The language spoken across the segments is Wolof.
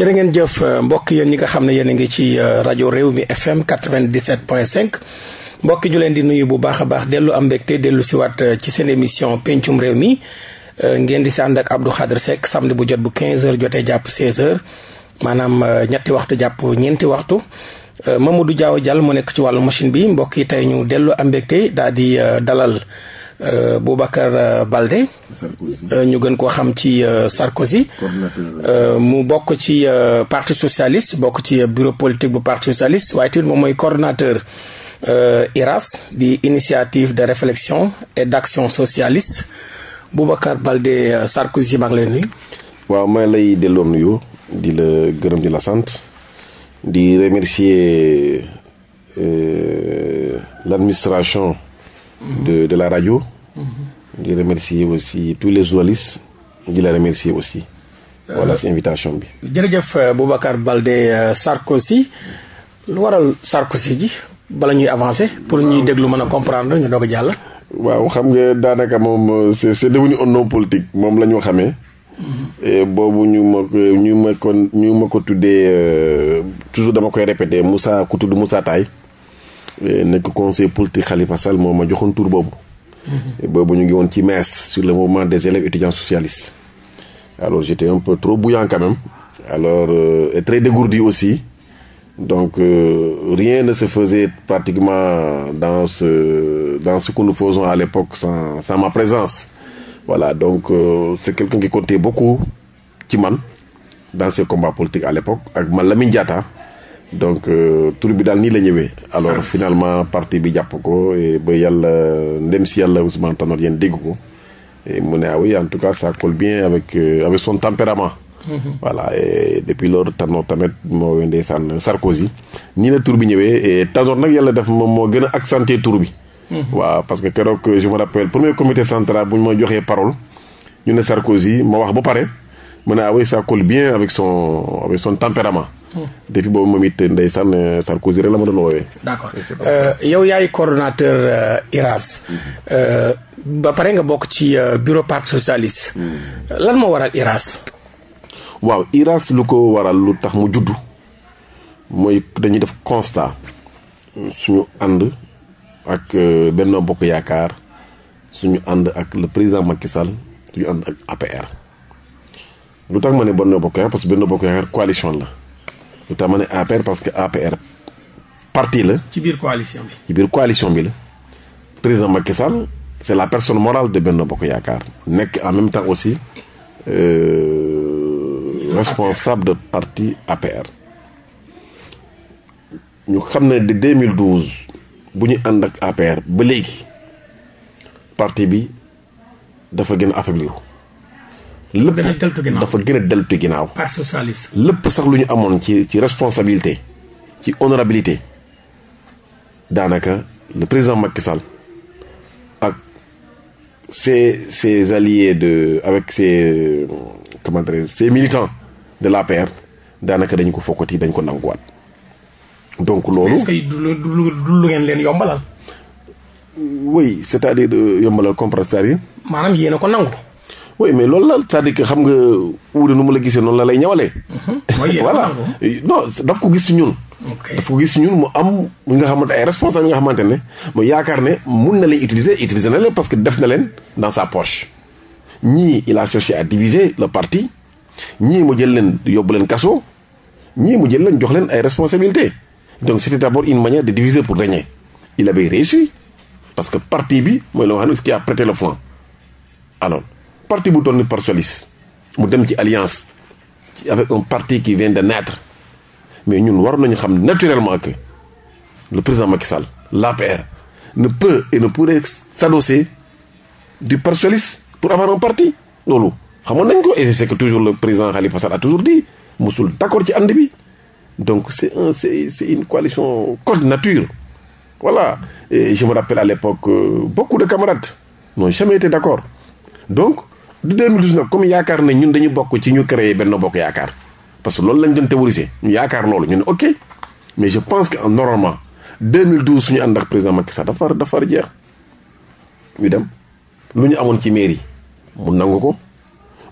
jërë ngeen jëf euh, mbokk yéen ñi nga xam ne yéen a ngi ci euh, rajo réew mi FM 97.5 mbokk ñu leen di nuyu bu baax a baax dellu am mbégte dellu siwaat euh, ci seen émission pencum réew mi ngeen di si ànd ak Abdou Khadre Seck samedi bu jot bu quinze h jotee jàpp 16h maanaam ñetti waxtu jàpp ñeenti waxtu ma du Diaw Diall mu nekk ci wàllu machine bi mbokk yi tey ñu dellu am mbégte daal di dalal. Euh, Boubacar euh, balde euh, ñu gën koo xam ci Sarkozy mu bokk ci parti socialiste bokk ci bureau politique bu parti socialiste waaye tamit moom mooy coordonnateur IRAS di initiative de réflexion et d'action socialiste Boubacar Baldé Sarkozy maa ngi lay nuyu waaw maa lay delloo nuyu di la gërëm di la sant di remercier l'administration de de la radio. Mhm. di remercier aussi tous les journalistes di la remercier aussi. Euh, voilà si invitation bi. jërëjëf euh, Boubacar Baldé euh, Sarkozy lu waral Sarkozy ji bala ñuy avancer pour ñuy déglu mën a comprendre ñu doo ko jàll. waaw xam nga daanaka moom c'est c'est devenu un nom politique moom la ñu xamee. Mhm. boobu ñu ma ko ñu ma ko ñu ma ko tuddee toujours dama koy répéter Moussa ku tudd Moussa Taye. Euh, nekk conseil politique xalifa Sall moo ma joxoon tur boobu. boobu ñu ngi woon ci MES sur le mouvement des élèves étudiants socialistes. alors j'étais un peu trop bouillant quand même alors euh, très dégourdi aussi donc euh, rien ne se faisait pratiquement dans ce dans ce que nous faisons à l'époque sans ma présence voilà donc euh, c'est quelqu'un qui comptait ci man dans ces combats politiques à l'époque ak man Lamine Diatta donc euh, tur bi daal nii la ñëwee. alors finalement parti bi jàpp ko ba yàlla ndem si yàlla Ousmane Tanor yéen dégg ko mu ne ah oui en tout cas sa cole bien avec euh, avec son tempérament. Mhm. voilà e depuis loolu Tanor tamit moo wee ndeysaan Sarkozy. nii la tour bi ñëwee Tanor nag yàlla def moom moo gën a accentuer tur bi. Mhm. waaw parce que keroog je me rappelle premier comité central bu ñu ma joxee parole ñu ne Sarkozy ma wax ba pare mu ne ah oui ça bien avec son avec son tempérament. depuis boobu moom it ndeysaan euh, Sarkozy rek la ma doon woowee. d'accord euh, yow yaay coordonnateur euh, IRAS. Mm-hmm. ba pare nga bokk ci bureau parti socialiste. Mm-hmm. lan moo waral IRAS. waaw IRAS lu ko waral lu tax mu juddu mooy dañuy def constat suñu ànd ak Benno Bokk Yaakaar suñu ànd ak le président Macky Sall suñu ànd ak APR. lu tax ma ne Benno Bokk Yaakaar parce que Benno Bokk Yaakaar coalition la. lu tax ma ne APR parce que APR parti la. ci biir coalition bi. ci biir coalition bi la président Macky Sall c' est la personne morale de Benno Bokk Yaakaar nekk en même temps aussi euh, responsable de parti APR. ñu xam ne de 2012 bu ñu ànd ak APR ba léegi parti bi dafa gën a affaiblir lépp dafa gën a deltu ginnaaw parti socialiste lépp sax lu ñu amoon ci ci responsabilité ci honorabilité daanaka le président Macky Sall ak ses ses allier de avec ses euh, comment dirais ses militants de daanaka dañ ko fokkati dañ ko nanguwaat. donc loolu est-ce que du lu lu ngeen leen yombalal. oui c'est-à-dire euh, yombalal comprendre c'est-à-dire. maanaam yéen ko nangu. oui mais loolu la cest à xam nga wuure nu ma la gisee noonu la lay ñawale mhm. voilà non daf ko gis si ñun. daf ko gis si ñun mu am nga xamante ay responsable yi nga xamante ne mu yaakaar ne mun na leen utiliser utiliser na leen parce que def na leen dans sa poche. ñii il a cherché à diviser le parti ñii mu jël leen yóbbu leen kaso ñii mu jël leen jox leen ay responsabilités donc c'était d'abord une manière de diviser pour régner il avait réussi parce que partie bi mooy loo xam ne ce qui a prêté le alors. parti bu toll ni Parsolis mu dem ci alliance avec un parti qui vient de naître mais ñun war nañu xam naturellement que le président Macky Sall l'APR ne peut et ne pourrait s'adosser du Parsolis pour avoir un parti loolu xamoon nañ ko et c'est que toujours le président Khalifa Sall a toujours dit musul d'accord ci ànd bi donc c'est un c'est c'est une coalition contre nature voilà et je me rappelle à l'époque euh, beaucoup de camarades n'ont jamais été d'accord du de 2019 comme yaakaar nañ ñun dañu bokk ci ñu créer benn bokk yaakaar parce que loolu lañ doon théoriser ñu yaakaar loolu ñu ne ok mais je pense que normalement 2012 suñu ànd ak président Macky Sall dafa dafa jeex ñu dem lu ñu amoon ci mairie mu nangu ko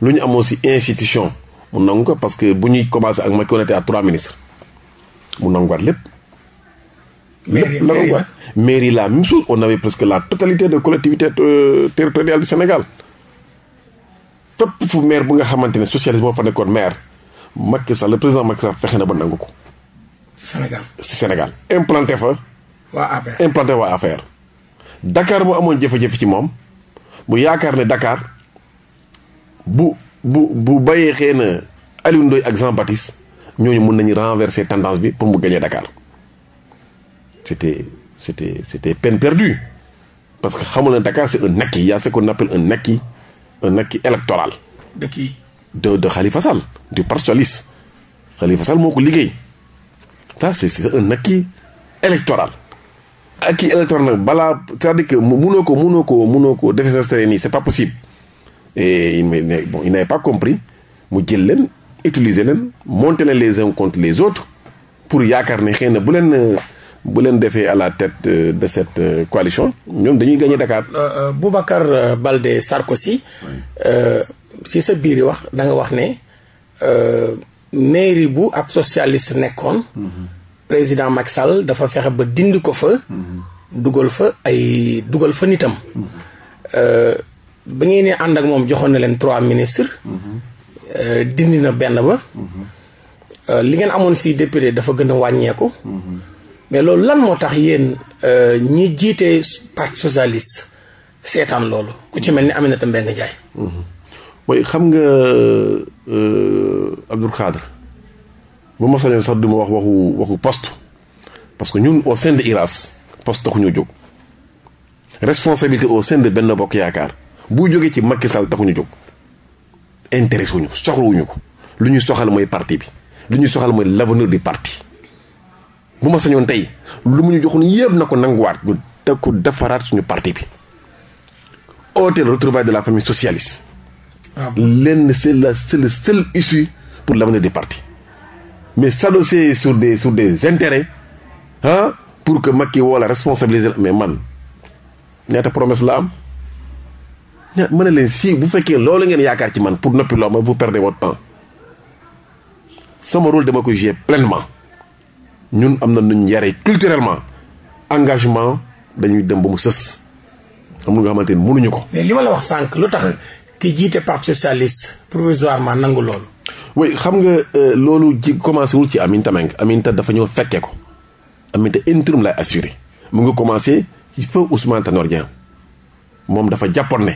lu ñu amoon si institution mu nangu ko parce que bu ñuy commencé ak Macky on était à trois ministres mu nanguwaat lépp. lépp nanguwaat mairie la même chose on avait presque la totalité de collectivité euh, territoriale du Sénégal. fépp fu maire bu nga xamante ne socialiste boo fa nekkoon maire Macky Sall le président Macky Sall fexe na ba nangu ko. ci Sénégal ci Sénégal implanté fa. waa APR waa APR. Dakar mu amoon jafe-jafe ci moom mu yaakaar ne dakaar bu bu bu bàyyee xëy na Aliou ak Jean Baptiste ñooñu mun nañu renverser tendance bi pour mu gagner Dakar c'était c'était c'était peine perdue parce que xamul na Dakar c'est un acquis y a ce qu'on appelle un acquis un acquis électoral. de kii. de de Khalifa Sall du Parti socialiste Khalifa Sall moo ko liggéey ça c' est un acquis électoral. acquis électoral nag balaa c'est-à-dire que munoo ko munoo ko munoo ko défenestré nii c' pas possible. et il ne bon il n'avait pas compris mu jël leen utiliser leen monter leen les uns contre les autres pour yaakaar ne xëy na bu leen. bu leen defee à la tête euh, de cette euh, coalition ñoom dañuy gagné Dakar. Euh, Boubacar balde Sarkozy si sa biir wax danga wax ne mairie bu ab socialist nekkoon. Mhm. président Macky Sall dafa fexe ba dindi ko fa. Mhm. dugal fa ay dugal fa nitam. Mhm. ba ngeen ànd ak moom joxoon na leen trois ministres. dindi na benn ba. li ngeen amoon si député dafa gën a wàññeeku. mais loolu lan moo tax yéen euh, ñi jiite parti socialiste seetaan loolu ku ci mel ni Aminata Mbengue Ndiaye. Mhm. mooy xam nga euh, euh, Abdou Khadre bu ma sañoon sax du ma wax waxu waxu poste parce que ñun au send de IRAS poste taxuñoo jóg responsabilité au sein de Benno Bokk Yaakaar bu jógee ci Macky Sall taxuñu jóg intéressé wuñu ko lu ñuy soxal mooy parti bi lu ñuy soxal mooy l'avenir du parti. bu ma sañoon tey lu mu ñu joxoon yëpp na ko nanguwaat ñu te ko defaraat suñu parti bi. hôtel retrouvailles de la famille socialiste. waaw ah lenn c'est la c'est le seul issue pour l'avenir du parti. mais s'adosser sur des sur des intérêts ah pour que Macky woo la responsabiliser mais man ñaata promesse la am. ña mën na leen si bu fekkee loolu ngeen yaakaar ci man pour noppi loo ma vous perdez votre temps sama rôle dama koy jouer pleinement. ñun am na nu yare culturellement engagement dañuy dem ba mu sës am na nga xamante ni mënuñu ko. li ma la wax sànq lu tax ki jiite parti socialiste provisoirement nangu loolu. oui xam nga euh, loolu ji commencé wul ci Aminta Mbengue Aminta dafa ñëw fekkee ko Aminta intérim lay assuré mu ngi commencé ci feu Ousmane Tanor Dieng moom dafa jàppoon ne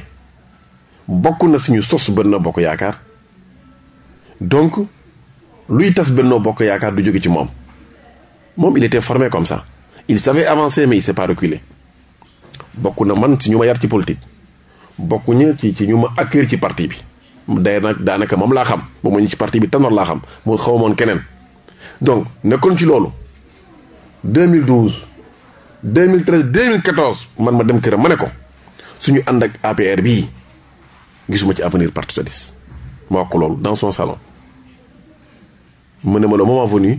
bokk na suñu sos Benno Bokk Yaakaar donc luy tas bennoo Bokk Yaakaar du jóge ci moom. moom il était formé comme ça il savait avancer mais il s'est pas reculé na man ci ñu ma yar ci politique bokk ñu ci ci ñu ma accueillir ci parti bi day nag daanaka moom laa xam ba mu ñu ci parti bi Tanor laa xam mu xaw moon keneen donc nekkoon ci loolu 2012 2013 2014 man ma dem këram ma ne ko suñu ànd ak APR bii gisuma ci avenir parti socialiste ma wax loolu dans son salon mu ne ma le moment venu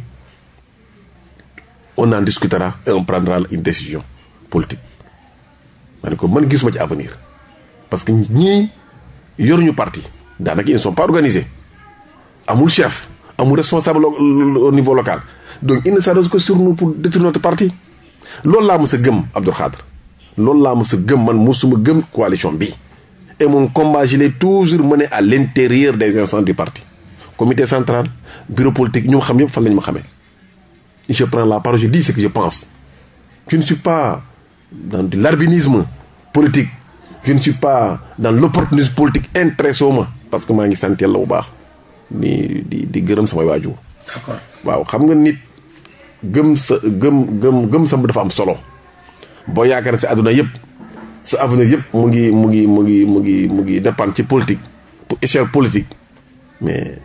on en discutera et on prendra une décision politique ma ne ko man gisuma ci avenir parce que ñii yoruñu parti daanaka ils ne pa pas organisés amul chef amul responsable au niveau local donc il ne s'arrête que sur pour détruire parti loolu laa mës a gëm Abdoul Khadre loolu laa mës a gëm man mosuma gëm coalition bi et mon combat je l'ai toujours mené à l'intérieur des instances du parti comité central bureau politique ñoom xam yëpp fan la ñu ma xamee je prends la parole, je dis ce que je pense. Je ne suis pas dans de l'arbinisme politique. Je ne suis pas dans l'opportunisme politique intéressé parce que maa ngi sant la bu baax ni di di gërëm samay waajur. waaw xam nga nit gëm sa gëm gëm gëm sa dafa am solo. boo yaakaar si àdduna yëpp sa avenir yëpp mu ngi mu ngi mu ngi mu ngi mu ngi dépendre ci politique pour échelle politique mais.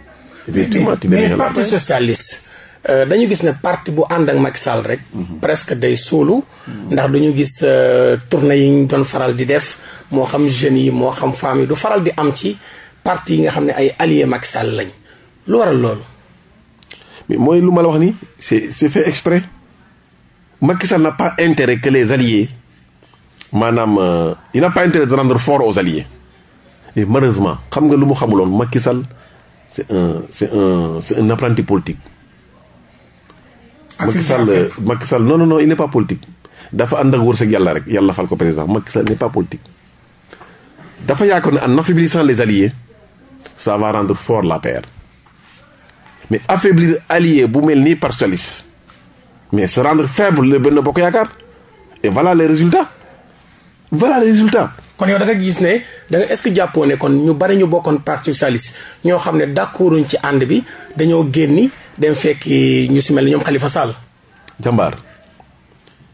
effectivement mais parti socialiste. Euh, dañu gis ne parti bu ànd ak Macky Sall rek. presque day suulu. ndax duñu gis euh, tournée yi ñu doon faral di def moo xam jeunes yi moo xam femmes yi du faral di am ci parti yi nga xam ne ay alliés Macky Sall lañ lu waral loolu. mais mooy lu ma la wax ni c'est c'est fait exprès Macky n'a pas intérêt que les alliés maanaam euh, il n'a pas intérêt de rendre foro aux alliés et xam nga lu mu xamuloon Macky Sall c'est un c'est un c'est un apprenti politique. ma Sall Macky Sall non non dafa ànd ak yàlla rek yàlla fal ko président Macky Sall n'est pas dafa yaakaar ne en affaiblissant les alliés ça va rendre fort l'APR mais affaiblir allié bu mel nii par solis mais se rendre faible le Benno Bokk Yaakaar et voilà les résultats voilà kon yow da gis ne danga nga est que jàppoo ne kon ñu bari ñu bokkoon parti socialiste ñoo xam ne d'accorduñ ci ànd bi dañoo génni dem fekki ñu si mel ni ñoom Khalifa Sall. jàmbaar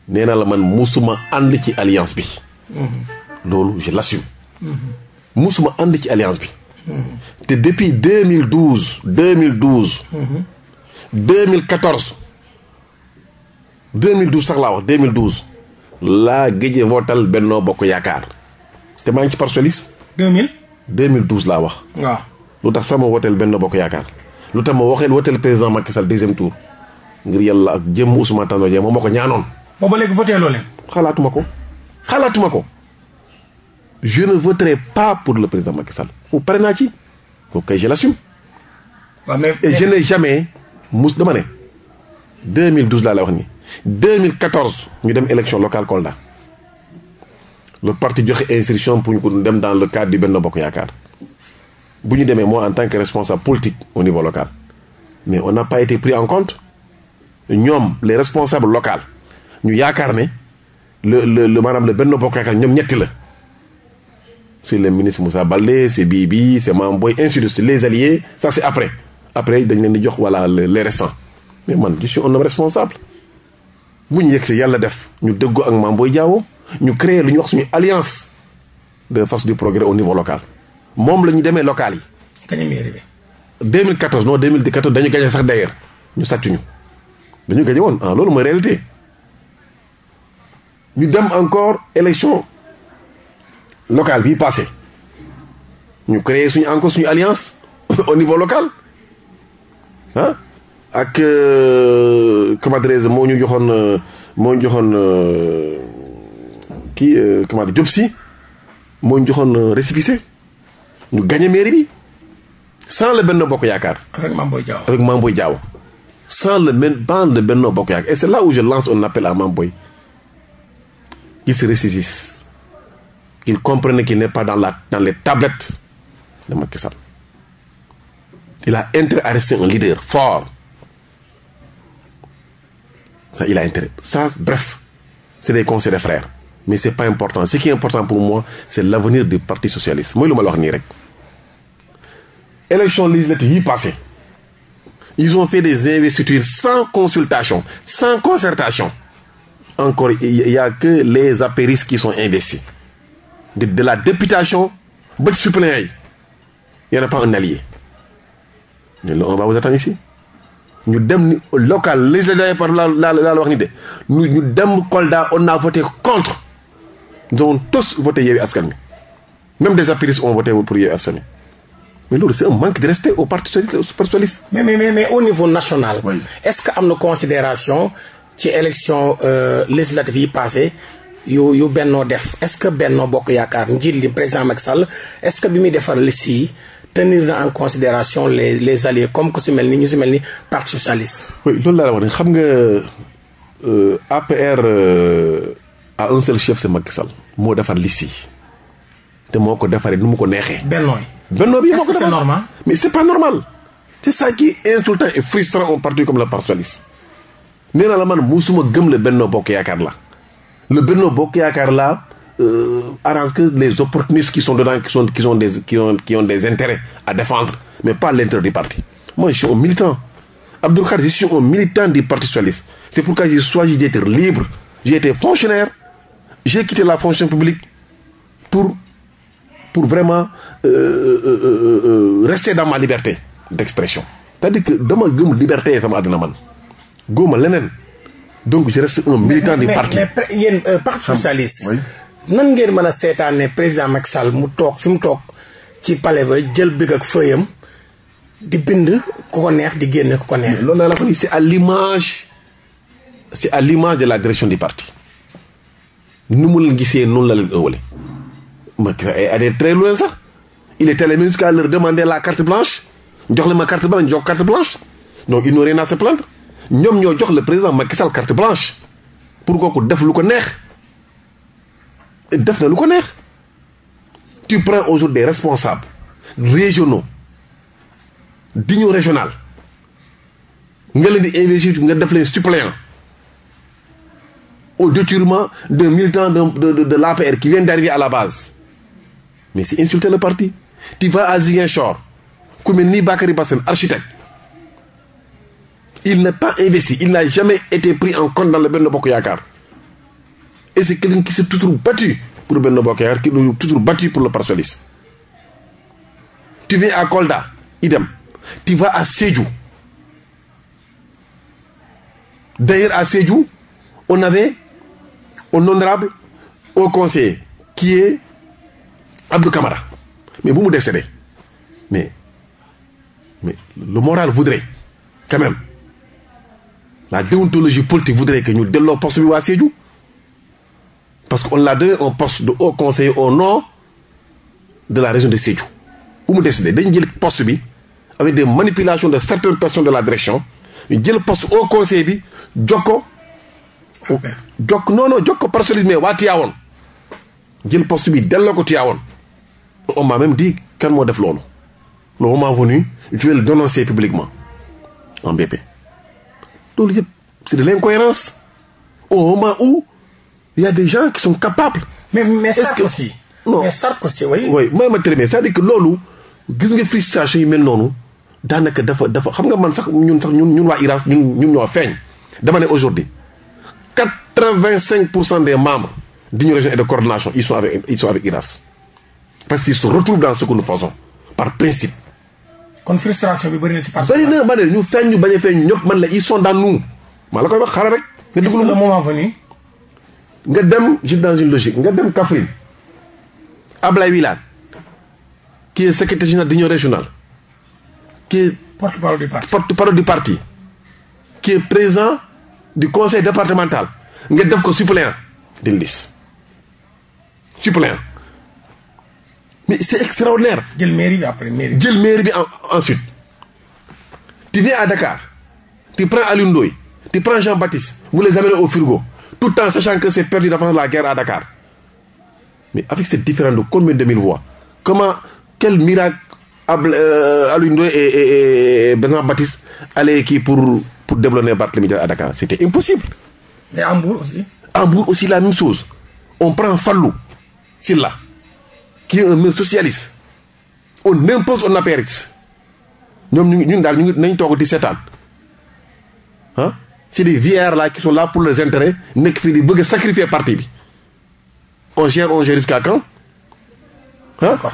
nee naa la man musuma ànd ci alliance bi. Mm-hmm. loolu je l'assume. Mm-hmm. musuma ànd ci alliance bi. Mm-hmm. te depuis 2012. 2012. 2014. 2012 sax laa wax 2012. laa géej wootal Benno Bokk Yaakaar. te maa ngi ci parti socialiste. 2000. 2012 laa wax. waaw lu tax sama wooteel Benno Bokk Yaakaar. lu tax ma waxeel woteel président Macky Sall deuxième tour ngir yàlla ak jëmm Ousmane Tanor Dieng moom moo ko ñaanoon. a léegi voteeloo leen. xalaatuma ko xalaatuma ko je ne voterai pas pour le président Macky Sall pare naa ci kooku kay je l'assume. waaw mais et je n'ai jamais mus dama ne 2012 laa la wax nii 2014 ñu dem élection locale Kolda le parti joxe instruction pour ñu ko dem dans le cadre du Benno Bokk Yaakaar. bu ñu demee moi en tant que responsable politique au niveau local mais on n'a pas été pris en compte ñoom les responsables locaux ñu yaakaar ne le le le maanaam le Benno Bokk ñoom ñetti la c'est le ministre Moussa Baldé c'est Bibi c'est Mame booy ainsi de suite les alliés ça c'est après après dañ leen di jox voilà les restants mais man je on un homme responsable bu ñu yegg si yàlla def ñu dëggoo ak Mame Boye Diao ñu créer lu ñuy wax suñu alliance de force du progrès au niveau moom la ñu demee local yi. gagné mairie bi. 2014 non 2014 dañu gagné sax d'ailleurs ñu sàcc dañu gagné woon ah loolu mooy réalité ñu dem encore élection locale bii passé ñu créé suñu encore suñu alliance au niveau local ah ak euh, comment dirais-je moo ñu joxoon euh, moo ñu joxoon euh, kii comment dirais-je Diop moo ñu joxoon récépissé. ñu gagné mairie bi sans le Benno Bokk Yaakaar. avec Mamboy Diaw avec sans le même ban le Benno Bokk Yaakaar et c'est là où je lance un appel à Mamboy qu'il se ressaisisse qu'il comprenne qu'il n'est pas dans la dans les tablettes de Macky Sall il a intérêt à rester un leader fort ça il a intérêt ça bref c'est des conseils de mais c'est pas important ce qui est important pour moi c'est l'avenir du Parti socialiste mooy lu ma wax nii rek élection législative yi passé ils ont fait des investitures sans consultation sans concertation encore il y a que les apéristes qui sont investis de, de la députation ba ci suppléants yi y en a pas un allié mais on va vous attendre ici ñu dem ni local législative par la la la wax ni de ñu ñu dem Kolda on a voté contre nous avons tous voté Yewwi Askan Wi même des apéristes ont voté pour Yewwi Askan Wi mais loolu c'est un manque de respect au parti socialiste. mais mais mais au niveau national. Oui. est-ce que am na considération ci élection euh, législative yi passé yu yu bennoo def est-ce que bennoo bokk yaakaar njiit li président Macky Sall est-ce que bi muy defar liste yi tenir na en considération les les alliés comme que su mel ni ñu si mel ni parti socialiste. oui loolu laa la wax ne xam nga euh, APR euh, à un seul chef c'est Macky Sall moo defar liste yi te moo ko defaree nu mu ko neexee. bennoo yi. Benno bi moo ko c'est normal mais c'est pas normal c'est ça qui est insultant et frustrant un parti comme le Parti socialiste nee na la man musuma gëm le Benno Bokk Yaakaar la le Benno Bokk Yaakaar la euh, arrange que les opportunistes qui sont dedans qui sont qui sont des qui ont qui ont des intérêts à défendre mais pas l'intérêt du parti moi je suis un militant Abdou Khadre je suis un militant du Parti socialiste c'est pourquoi j'ai choisi d'être libre j'ai été fonctionnaire j'ai quitté la fonction publique pour pour vraiment euh, euh, euh, rester dans ma liberté d'expression c'est-à-dire que dama gëm liberté sama àddina man góoma leneen donc je reste un militant du parti mais yéen parti socialiste nan ngeen mën a seetaane président Macky Sall mu toog fi mu toog ci palais ba jël big ak fëyam di bind ku ko neex di génne ku ko neex loolu laa la ko ni c'est à l'image c'est à l'image de la direction du parti ni mu leen gisee noonu la leen ëwale ma gis aller très loin sax il est allé jusqu'à leur demander la carte blanche jox le ma carte blanche jox carte blanche donc ils noo rien à se ñoom ñoo jox la président Macky Sall carte blanche pour kooku def lu ko neex def na lu ko neex tu prends aujourd'hui des responsables régionaux d'union régional nga leen di investir nga def leen suppléant au détournement d'un militant de de de, de l'APR qui vient d'arriver à la base mais c'est insulter le parti tu vas à Ziguinchor ku mel ni Bakary Bassène architecte il n'est pas investi il n'a jamais été pris en compte dans le Benno Bokk Yaakaar et c'est quelqu'un qui s'est toujours battu pour Benno Bokk Yaakaar qui s'est toujours battu pour le Parti socialiste tu viens à Kolda idem tu vas à Sédhiou d'ailleurs à Sédhiou on avait un honorable Abdou Camara mais bu mu décédé mais mais lu moral voudrait quand même la déontologie politique voudrait que ñu delloo poste bi waa Sédhiou parce que on l'a donné un post de haut conseiller au nom de la région de Sédhiou bu mu décédé dañ jël post bi avec des manipulations de certaines personnes de la direction ñu jël poste haut conseiller bi jox ko jokk non non jox ko personnalisme waa Tivaouane jël poste bi delloo ko Tivaouane on m'a même dit moo def loolu le moment venu je vais le dénoncer publiquement en BP loolu yëpp c'est de l'incohérence au moment où il y a des mais mais Sarkozy. non mais Sarkozy oui. oui mooy ma très bien c'est-à-dire que loolu gis nga frustration yi mel noonu daanaka dafa dafa xam nga man sax ñun sax ñun ñun waa IRAS ñun ñun ñoo feeñ. dama ne aujourd'hui quatre-vingt-cinq pour cent des membres d'une région et de coordination ils sont avec ils sont avec IRAS. parce qu'ils se retrouvent dans ce que nous faisons par principe. kon frustration bi bëri na si parce que. bëri na ma ne ñu feeñ ñu bañ a feeñ ñëpp man la ils sont dans nous maa la koy wax xara rek. nga dugg le moment venu. nga dem je suis dans une logique nga dem Kaffrine Ablaye Wilane qui est secrétaire général d'union régionale qui est. porte-parole du parti porte-parole du parti qui est président du conseil départemental nga def ko suppléant d'une liste suppléant. mais c' est extraordinaire. jël mairie bi après mairie bi. jël en ensuite. tu viens à Dakar ti prends Alioune ti tu prends Jean Baptiste vous les amenez frigo tout en sachant que c'est perdu d'avance la guerre à Dakar mais avec cette différence de combien de mille voix comment quel miracle Abl euh, Jean Baptiste allaient kii pour pour développer Barthélémy Dias à Dakar c'était impossible. et aussi. la même chose on prend Fallou kii est un maire socialiste on impose on appérite ñoom ñu ngi ñun daal ñu ngi nañ toog di seetaan ah c'est des vieillards là qui sont là pour les intérêts nekk fii di bëgg a sacrifier parti bi on gère on gère jusqu'à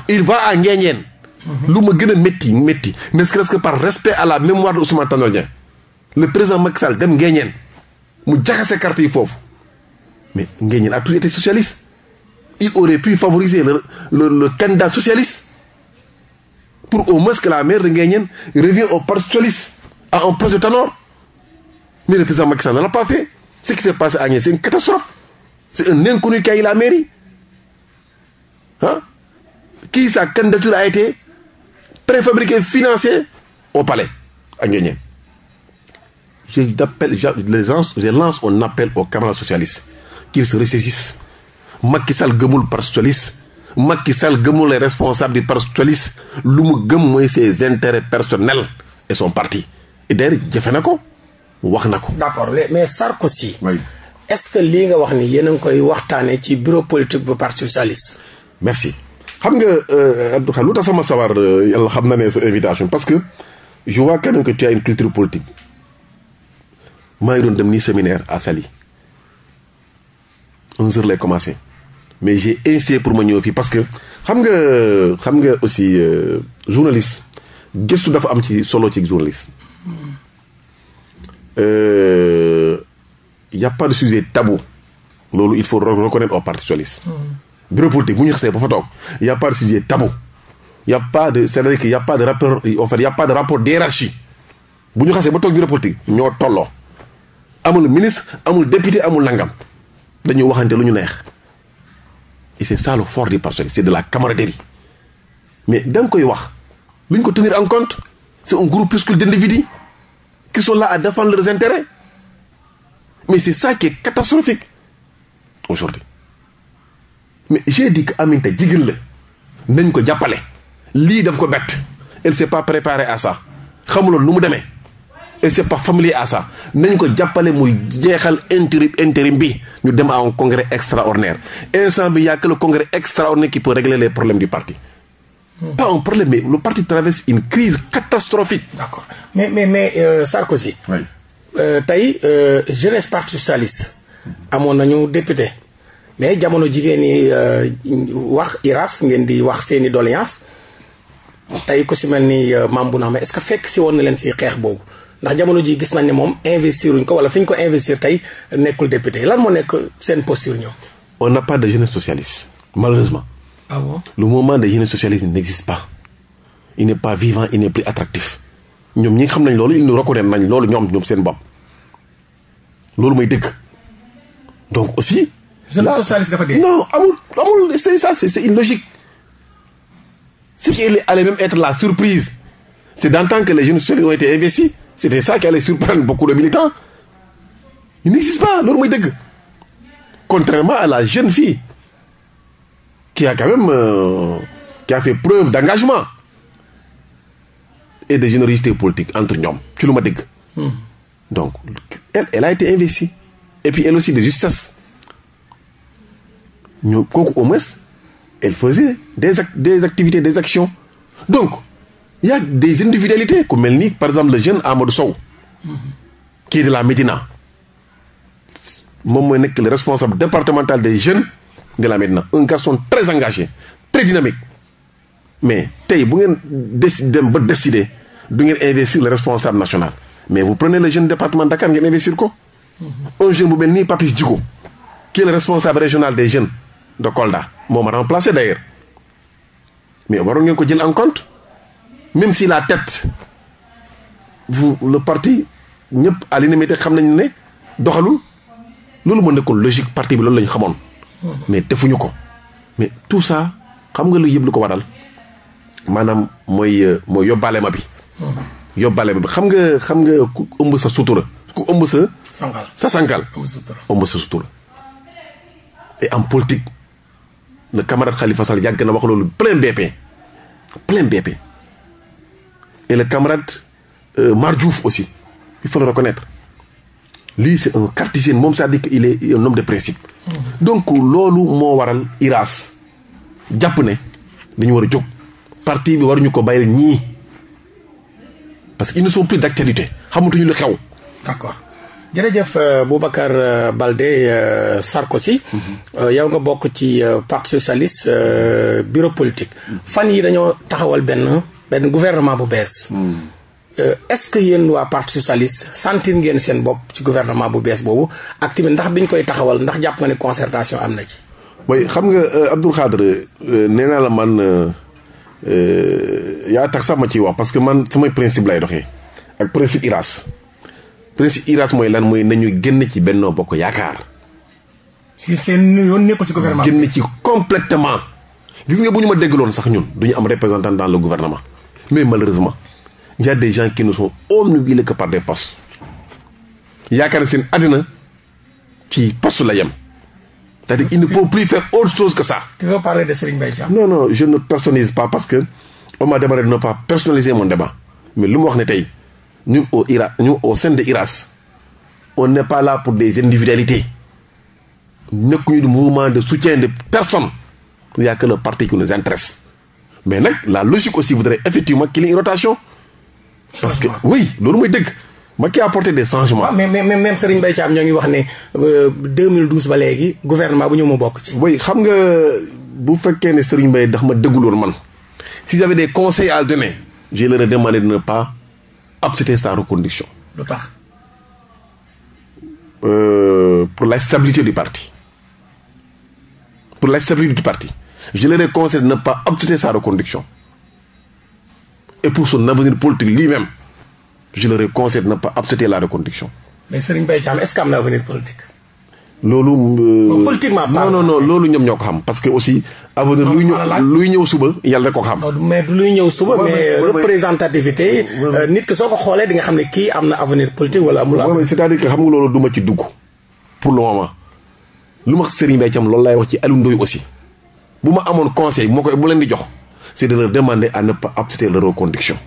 il va à Nguéniène mhm. lu ma gën a métti métti ne serait-ce que par respect à la mémoire de Ousmane Tanor Dieng le président Macky dem Nguéniène mu jaxase carte yi foofu mais Nguéniène a toujours été socialiste il aurait pu favoriser le, le, le candidat socialiste pour au moins que la maire de Nguéniène au parti socialiste à un poste de Tanor. Mais le président Macky Sall ne l'a pas fait. Ce qui s'est passé à Nguéniène, c'est une catastrophe. C'est un inconnu qui a eu la mairie. Hein? Qui sa candidature a été préfabriquée, financée au palais à Nguéniène. Je, je, je lance un appel aux camarades socialistes qu'ils se Macky Sall gëmul parti socialiste Macky Sall gëmul les responsables du parti socialiste lu mu gëm mooy ses intérêts personnels et son parti et d'ailleurs jëfe na ko wax na ko. d'accord mais Sarkozy. Oui. est-ce que lii nga wax ni yéen a ngi koy waxtaanee ci bureau politique bu parti socialiste. merci xam nga euh, Abdou Khadre lu tax sama sawar euh, yàlla xam na ne sa invitation parce que je vois quand même que tu as une culture politique maa ngi doon dem nii séminaire à sali 11h lay commencé. mais j'ai essayé pour ma ñëw fii parce que xam nga xam nga aussi euh, journaliste gëstu dafa am ci solo ci journaliste hmm. euh, y a pas de sujet tabou loolu il faut reconnaître au parti socialiste hmm. bureau politique bu ñu xasee ba fa toog y a pas de sujet tabou y a pas de que y a pas de rapport en y a pas de rapport d'hiérarchie bu ñu xasee ba toog bureau politique ñoo tolloo amul ministre amul député amul nangam dañuy waxante lu ñu neex et c' est ça le fort du Pastef c' est de la camaraderie mais da koy wax luñ ko tenir en compte c' est un groupuscule d' individus qui sont là à défendre leurs intérêts mais c' est ça qui est catastrophique aujourd'hui mais j'ai dit que Aminata la nañ ko jàppale lii daf ko bett elle s'est pas préparée à ça xamuloon nu mu demee et c'est pas familier à ça nañ ko jàppale mu jeexal intérim intérim bi ñu dem à un congrès extraordinaire instant bi y le congrès extraordinaire qui peut régler les problèmes du parti. Hmm. pas un problème mais le parti traverse une crise catastrophique. d'accord mais mais mais euh, Sarkozy. oui euh, tey euh, jeunesse parti socialiste. amoon nañu député. mais jamono jigéen ñi euh, wax IRAS ngeen di wax seen i doléance tey ku si mel ni euh, Mame Bounama est-ce que fekk si woon na leen si xeex boobu. ndax jamono ji gis nañ ne moom investiruñ ko wala fi ñu ko investir tey nekkul député lan moo nekk seen posture ñoom. on n'a pas de jeunesse socialiste malheureusement. ah bon le mouvement des jeunes socialistes n'existe pas il n'est pas vivant il n'est plus attractif ñoom ñi xam nañ loolu ils nous reconnaissent nañ loolu ñoom ñoom seen bopp loolu mooy dëgg donc aussi. jeunesse socialiste dafa dee. non amul amul c'est ça c'est c'est si ce qui allait même être la surprise c'est d'entendre que les jeunes socialistes c'était ça qui allait surprendre beaucoup de militants il n'existe pas loolu mooy dëgg contrairement à la jeune fille qui a quand même euh, qui a fait preuve d'engagement et de générosité politique entre ñoom ci lu ma dégg hmm. donc elle elle a été investie et puis elle aussi de justesse ñoo kooku au moins elle faisait des des activités des actions donc il y a des individualités ku mel ni par exemple le jeune Amadou Sow kii de la Médina moom mooy nekk le responsable départemental des jeunes de la Médina un garçon très engagé très dynamique mais tey bu ngeen décidé dem ba décider du ngeen investir le responsable national mais vous prenez le jeune département Dakar ngeen investir ko un jeune bu mel nii Papis Djiko qui est le responsable régional des jeunes de Kolda moo ma remplacé d'ailleurs mais waroon ngeen ko jël en compte même si la tête vous le parti ñëpp à xam nañ ne doxalul loolu moo nekkoon logique parti bi loolu la xamoon. mais defuñu ko. mais tout ça xam nga lu yëpp lu ko waral maanaam mooy euh, moo yóbbaale ma bi. yóbbaale ma bi xam nga xam nga ku ëmb sa sutura. ku ëmb sa. sànqal sa sànqal. ëmb sa sutura. et en politique le camarade xalifa sax yàgg na wax loolu plein BP. plein BP. et le camarade euh, Mardiouf aussi il faut le reconnaître lui c'est un cartésien moom cest à il est un de principe donc loolu moo waral IRAS jàpp ne dañu war a jóg parti bi waruñu ko bàyyil ñii parce que ils ne sont plus d'actualité xamatuñu lu xew d'accord jërëjëf euh, Boubacar euh, Baldé euh, Sarkozy mm-hmm. yow nga bokk ci parti socialiste bureau politique mm-hmm. fan yi dañoo taxawal benn benn gouvernement bu bees. Hmm. Euh, est-ce que yéen waa parti socialiste sentir ngeen seen bopp ci guvernement bu bees boobu ak tamit ndax biñ koy taxawal ndax jàpp nga ne concertation am na ci. oui xam nga euh, Abdoul Khadre euh, nee naa la man yaa tax sax ma ci wax parce que man samay principe lay doxee ak principe IRAS. principe IRAS mooy lan mooy nañu génn ci Benno Bokk Yaakaar. si seen yoon nekkul ci gouvernement génn ci complètement gis nga bu ñu ma déggloon sax ñun du ñu am représentant dans le gouvernement. Mais malheureusement, il y a des gens qui ne sont omnubilés que par des postes. yaakaar na seen àddina ci poste la yem. c'est-à-dire ils ne peuvent plus faire autre chose que ça. tu veux parler de Serigne Mbaye Thiam. non non je ne personnalise pas parce que on m'a demandé de ne pas personnaliser mon mais lu mu wax ne tey ñun au IRA ñun au sein de IRAS on n'est pas là pour des individualités nekkuñu du mouvement de soutien de personne il y a que le parti qui nous intéresse. mais nag la logique aussi voudrait effectivement qu'il y ait une rotation. parce que oui loolu mooy dëgg. Macky a apporté des changements. waaw mais mais même Serigne Mbaye Thiam ñoo ngi wax ne 2012 euh, ba léegi gouvernement bu ñëw mu bokk ci. oui xam nga bu fekkee ne Serigne Mbaye dax ma dëggul woon man si j'avais des conseils à donner je leur ai demandé de ne pas accepter sa reconduction. lu tax. Euh, pour la stabilité du parti pour la stabilité du parti. je leur ai conseillé de ne pas obtenir sa reconduction. Et pour son avenir même je leur ai conseillé la reconduction. mais Serigne Mbaye Thiam est-ce que am na avenir politique. loolu. moom euh, politiquement non loolu ñoom ñoo ko xam parce que aussi. avenir luy ñëw luy ñëw suba yàlla rek ko xam. mais luy ñëw suba mais représentativité euh, nit soo ko xoolee di nga xam ne kii am na avenir politique wala amul. waaw cest à xam nga loolu du ma ci dugg. pour le ma lu ma Serigne Mbaye Thiam loolu laay wax ci Alioune aussi. bu ma amoon conseil moo koy bu leen di jox c'est de leur demander à ne pas accepter leurs convictions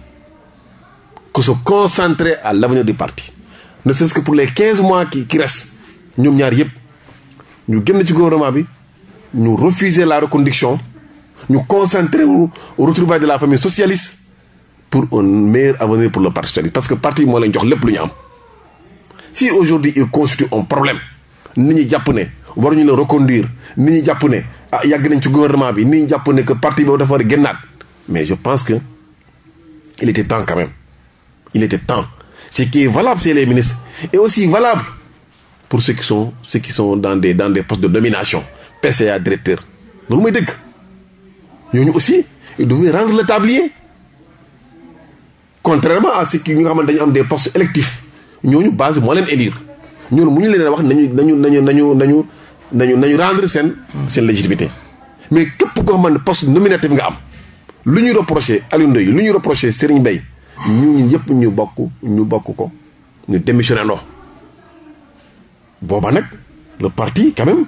que se concentrer à l'avenir du parti ne serait pour les quinze mois qui qui restent ñoom ñaar yëpp ñu génn ci gouvernement bi ñu refuser la reconduction ñu concentrer wu au retrouvailles de la famille socialiste pour un meilleur avenir pour le parti socialiste parce que parti moo leen jox lépp lu ñu am si aujourd'hui il constitue un problème nit ñi jàpp ne waruñu la reconduire nit ñi jàpp ne ah yàgg nañ ci gouvernement bi nii jàpp ne que parti boobu dafa war a génnaat mais je pense que il était temps quand il était temps ce qui est valable c'est les ministres et aussi valable pour ceux qui sont ceux qui sont dans des dans des postes de nomination PCA directeur loolu mooy dëgg ñooñu aussi du devaient rendre le tablier contrairement à ceux qui nga xamante dañu am des postes ñu ñooñu base moo leen élire ñooñu mu ñu leen wax nañu nañu nañu nañu nañu nañu nañu rendre seen seen légitimité mais képp koo xam ne poste nominatif nga am lu ñuy reproché Alioune Ndoye lu ñuy reproché Serigne Mbaye ñu ñëpp ñu bokk ñu bokk ko ñu démissionné andoo booba nag le parti quand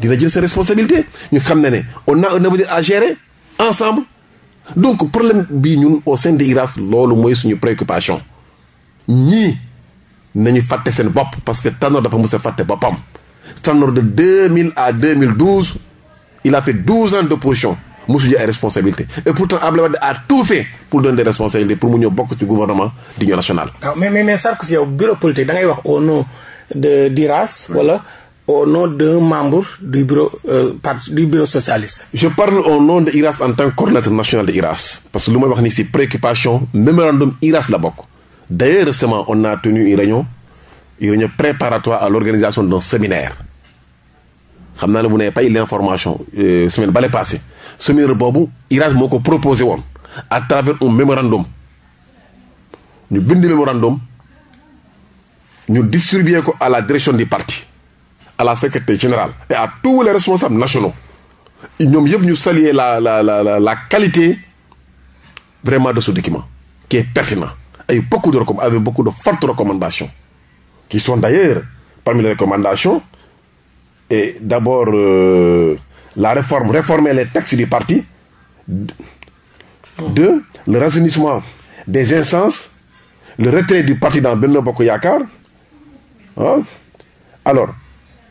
dina jël sa responsabilité ñu xam ne ne on a un avenir à gérer ensemble donc problème bi ñun au sein de IRAS loolu mooy suñu préoccupation ñii nañu fàtte seen bopp parce que Tanor dafa mës a fàtte boppam tànnoor de 2000 à 2012 il a fait 12 ans d'opposition mosu jël ay responsabilité et pourtant Abdoulaye Wade a tout fait pour donner des responsabilités pour mu ñëw bokk ci gouvernement d'union nationale. waaw ah, mais mais mais Sarkozy yow bureau politique da wax au nom de d'IRAS wala au nom d'un membre du bureau euh, parti du bureau socialiste. je parle au nom de IRAS en tant que coordinateur national de IRAS parce que lu may wax ni si préoccupation mémorandum la bokk d'ailleurs récemment on a tenu une réunion. réunion préparatoire à l'organisation d'un séminaire xam naa ne bu ne pas il information euh, semaine bale passé séminaire boobu IRAS moo ko proposé woon à travers un mémorandum ñu bind mémorandum ñu distribuer ko à la direction du parti à la secrétaire général et à tous les responsables nationaux ñoom yëpp ñu saluer la la la la la qualité vraiment de ce document qui est ay beaucoup de recomm avec beaucoup de fortes recommandations qui sont d'ailleurs parmi les recommandations, et d'abord euh, la réforme, réformer les textes du parti. Deux, le rajeunissement des instances, le retrait du parti dans Benno Bokoyakar. Hein? Alors,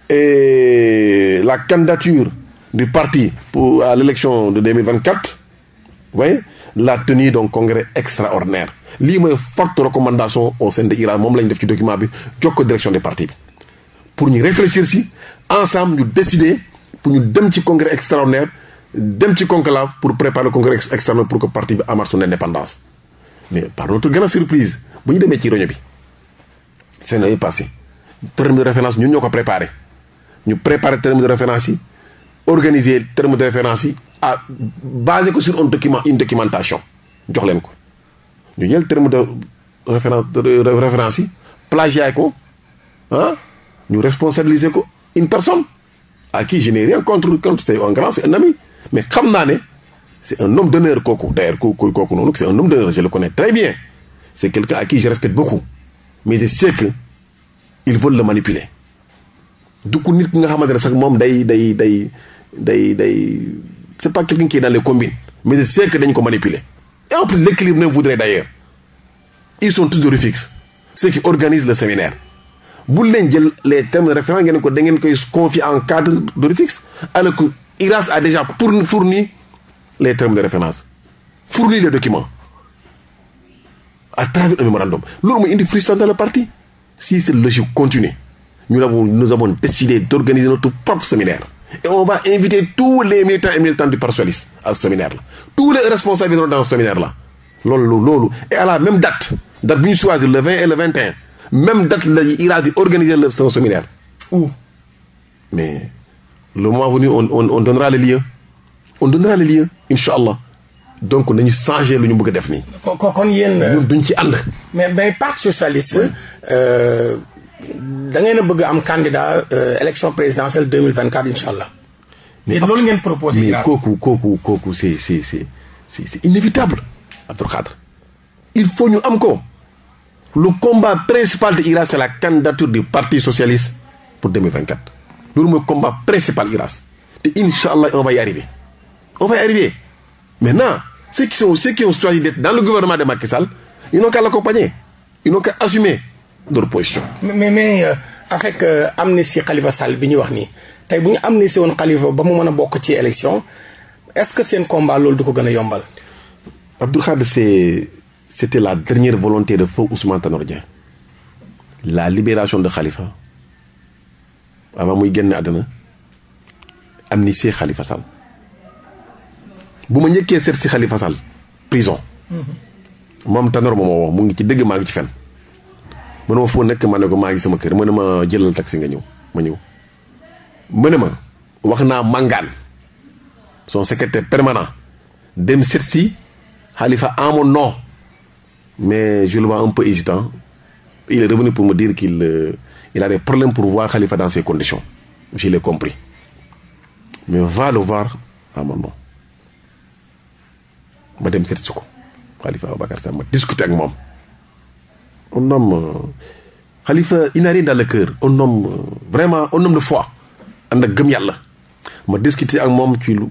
et la candidature du parti pour, à l'élection de 2024, vous voyez, la tenue d'un congrès extraordinaire. lii mooy forte recommandation au sein de IRAD moom la ñu def ci document bi jox ko direction des partis bi pour ñu réfléchir si ensemble ñu décider pour ñu dem ci congrès extraordinaire dem ci conclave pour préparer congrès extraordinaire pour que parti bi amaat son indépendance mais par notre grande surprise bu ñu demee ci réunion bi seen ay passé terme de référence ñun ñoo ko préparé ñu préparé terme de référence yi organiser terme de référence yi à basé ko sur un document une documentation jox leen ko ñu jël terme de référence de référence yi ko ah ñu responsabiliser ko une personne à qui je n'ai rien contre contre c'est un grand mais xam naa ne c'est un homme d'honneur kooku d'ailleurs kooku kooku noonu c'est un homme d'honneur je le connais très bien c'est quelqu'un à qui je respecte beaucoup mais je sais que ils veulent le manipuler du ko nit ki nga xamante ne sax moom day day day day day c'est pas quelqu'un qui est dans les combines mais je sais dañ ko manipuler Et en plus, les clips ne voudraient d'ailleurs. Ils sont tous fixes. Ceux qui organisent le séminaire. bu leen jël les thèmes de référence ngeen ko da ngeen koy confier en cadre d'Orifix alors que IRAS a déjà pour fourni les termes de référence fourni les documents à travers un mémorandum loolu mooy indi frustration dans le parti si cette logique continue ñu l'avons nous avons décidé d'organiser notre propre séminaire Et on va inviter tous les militants et militantes du Parti socialiste à ce séminaire-là. Tous les responsables dans ce séminaire loolu loolu et à la même date date bi ñu choisir le 20 et le 21 même date la il a di organiser le son séminaire. où mais le moment venu on on on le lieu on donnera le lieu incha allah donc nañu changer lu ñu bëgg a def nii. kon kon yéen. ñun duñ ci ànd. mais mais parti da ngeen a bëgg am candidat euh, élection présidentielle 2024 incha allah. mais loolu ngeen proposé. mais kooku kooku kooku c'est c'est c'est c'est inévitable. Abdou Khadre il faut ñu am ko. lu combat principal de IRAS la candidature du parti socialiste pour 2024. loolu mooy combat principal IRAS. te incha allah on va y arriver. on va y arriver maintenant ceux qui sont ceux qui ont choisi d'être dans le gouvernement de Macky Sall ils n'ont qu'à l'accompagner ils n'ont qu'à assumer. de l'opposition. mais mais avec euh, euh, amnistie xalifa Sall bi ñuy wax nii tey bu ñu amnistie woon Khalifa ba mu mën a bokk ci élection est-ce que seen combat loolu du ko gën a yombal. Abdou Khadre c'est c'était la dernière volonté de feu Ousmane Tanor Dieng la libération de Khalifa avant muy génn àddina amnistie Khalifa Sall bu ma njëkkee set si Khalifa Sall prison mm-hmm. moom Tanor moom moo mu ngi ci dëgg maa ngi ci fen mu ne ma foo nekk ma ne ko maa ngi sama kër mu ne ma jëlal taxi nga ñëw ma ñëw mu ne ma wax naa Mangane son secrétaire permanent dem seet si Khalifa amoon non mais je le vois un peu hésitant il est revenu pour me euh, pour voir Khalifa dans ces conditions je l'ai compris mais va le voir ma dem seet si ko Khalifa Ababacar Sall ma discuter ak moom un homme xalifa euh, il n'a rien dans le cœur un homme euh, vraiment un homme de foi ànd ak gëm yàlla ma discuter ak moom ci lu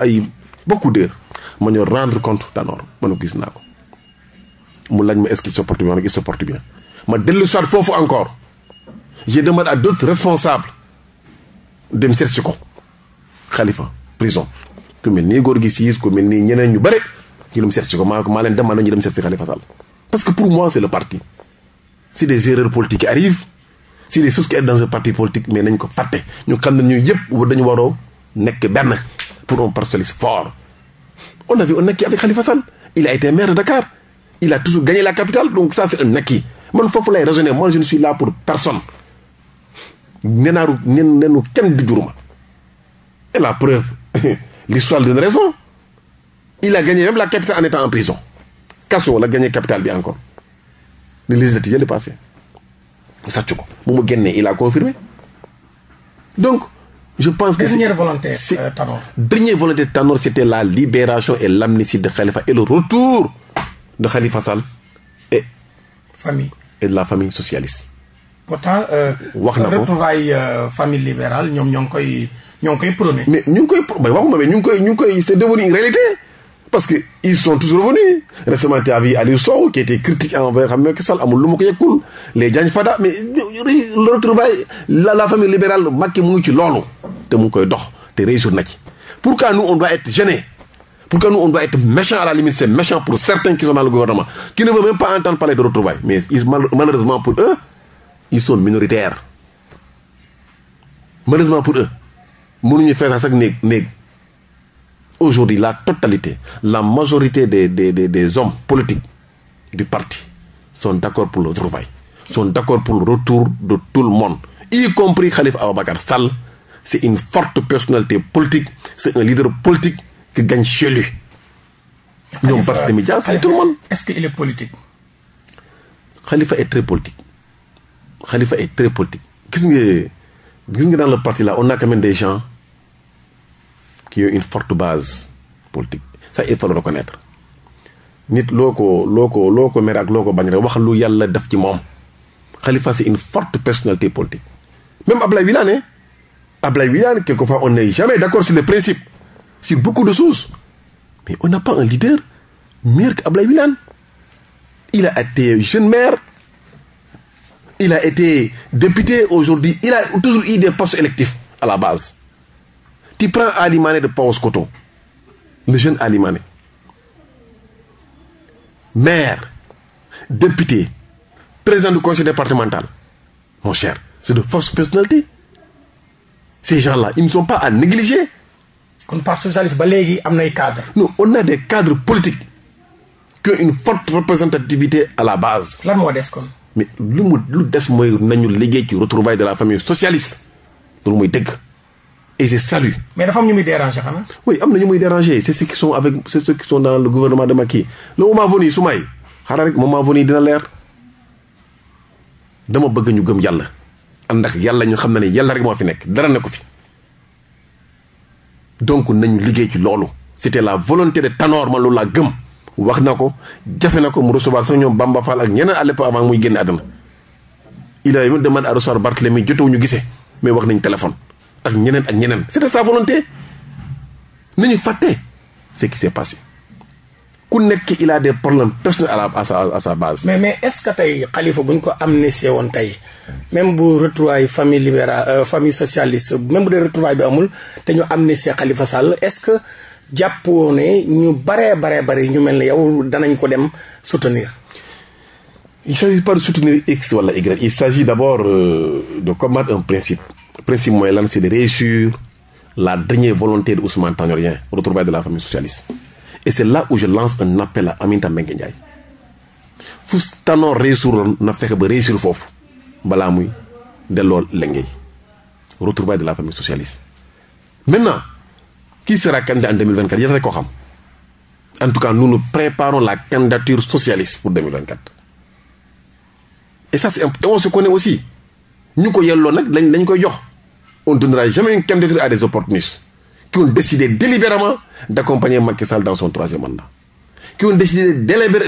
ay beaucoup d'heures ma ñëw rendre compte Tanor ma ne gis naa ko mu laaj ma est-ce qu'il se porte bien ma ne il dellu soit foofu encore j'ai demandé à d'autres responsables dem seet si ko Khalifa prison ku mel nii góor gi siis ku mel nii ñeneen ñu bare ñu dem seet si ko maa leen demandé ñu dem seet si Khalifa parce que pour moi c'est le parti si des erreurs politiques arrivent si des choses qui arrivent dans un parti politique mais nañ ko fàtte ñu xam ne ñu yëpp dañu waroo nekk benn pour un personnalisme fort on a vu un acquis avec Khalifa Sall a été maire de Dakar capitale donc ça c'est man foofu lay raisonner moi je ne suis là pour personne nenaaru nen nenu kenn la preuve l'histoire donne raison il a gagné même la capitale en étant en prison kaso la gagné capital bi encore li législative yële passé sàcc ko mu mu génnee il a confirmé donc je pense que dernière volonté euh, Tanor dernière volonté Tanor c'était la libération et l'amnistie de Khalifa et le retour de Khalifa Sall et famille et de la famille socialiste pourtant euh, wax na ko retrouvaille euh, famille libérale ñoom ñoo ngi koy ñoo mais ñu ngi koy waxuma mais ñu ngi koy ñu ngi koy une réalité parce que ils sont toujours venus récemment tu as vu Aliou Sow qui était critique envers xam nga Macky Sall amul lu ma ko yekkul les Diagne Fada mais le retrouvaille la famille libérale Macky mu ngi ci loolu te mu koy dox te réussir na ci pourquoi nous on doit être gênés pourquoi nous on doit être méchant à la limite c'est méchant pour certains qui sont dans le gouvernement qui ne veulent même pas entendre parler de retrouvaille mais ils, malheureusement pour eux pour eux mënuñu fees sax néeg néeg aujourd'hui la totalité la majorité des des des, des hommes politiques du parti sont d'accord pour le travail sont d'accord pour le retour de tout le monde y compris Khalifa Ababacar Sall c'est une forte personnalité politique c'est un leader politique qui gagne chez lui ñoom Barthélémy Dias c'est tout le monde est-ce qu'il est politique Khalifa est très politique Khalifa est très politique gis nga gis nga dans le parti là on a quand même des gens qui une forte base politique ça il faut le reconnaître nit loo ko loo ko loo ko mer loo ko bañ rek wax lu yàlla def ci moom Khalifa c'est une forte personnalité politique même Ablaye Wilane Ablaye ko quelquefois on n'est jamais d'accord sur le principes sur beaucoup de choses mais on n'a pas un leader meilleur qu'Ablaye Wilane il a été jeune maire il a été député aujourd'hui il a toujours eu des postes électifs à la base Tu prends Alimane de Paos Koto, le jeune Alimane, maire, député, président du conseil départemental. Mon cher, c'est de force personnalité. Ces gens-là, ils ne sont pas à négliger. Kon parti socialiste ba léegi am nay cadres. Non, on a des cadres politiques qui ont une forte représentativité à la base. la moo des kon. mais lu mu lu des mooy nañu liggéey ci retrouvailles de la famille socialiste loolu mooy dëgg. et je mais dafa am ñu muy am na ñu muy déranger c'est ceux qui sont avec c'est ceux qui sont dans le gouvernement de Macky le moment venu su may xaaral rek moment venu dina leer dama bëgg ñu gëm yàlla ànd ak yàlla ñu xam na ne yàlla rek moo fi nekk dara nekku fi donc nañu liggéey ci loolu. c'était la volonté de Tanor man loolu laa gëm wax na ko jafe na ko mu recevoir sax ñoom Bamba Fall ak ñeneen à l'époque avant muy génn àdduna il a même demandé à recevoir Barthélemy ñu gisee mais wax nañ téléphone. ak ñeneen ak ñeneen c' est de sa nañu fàtte ce qui s' est passé ku nekk il a des problèmes personnels à, à sa à sa base. mais mais est ce que tey Khalifa bu ñu ko amnistie woon tey même bu retrouvaille famille libérale euh, famille socialiste même bu dee bi amul te ñu amnistie Khalifa Sall est ce que jàppoo ne ñu baree baree bare ñu mel ne yow danañ ko dem soutenir. il s'agit pas de soutenir X wala Y il s'agit d'abord euh, de combattre un principe. principe mooy lan c'est de réussir la dernière volonté de Ousmane Tanor retrouvailles de la famille socialiste et c'est là où je lance un appel à Aminata Mbengue Ndiaye fu Tanor réussiroon na fexe ba réussir foofu balaa muy delloo lengey retrouvailles de la famille socialiste maintenant qui sera candidat en 2024 yéen rek xam en tout cas nous nous préparons la candidature socialiste pour 2024 et ça c'est et on se connaît aussi ñu ko yelloo nag lañ lañ koy jox on ne donnera jamais une candidature à des opportunistes qui ont décidé délibérément d'accompagner Macky Sall dans son troisième mandat qui ont décidé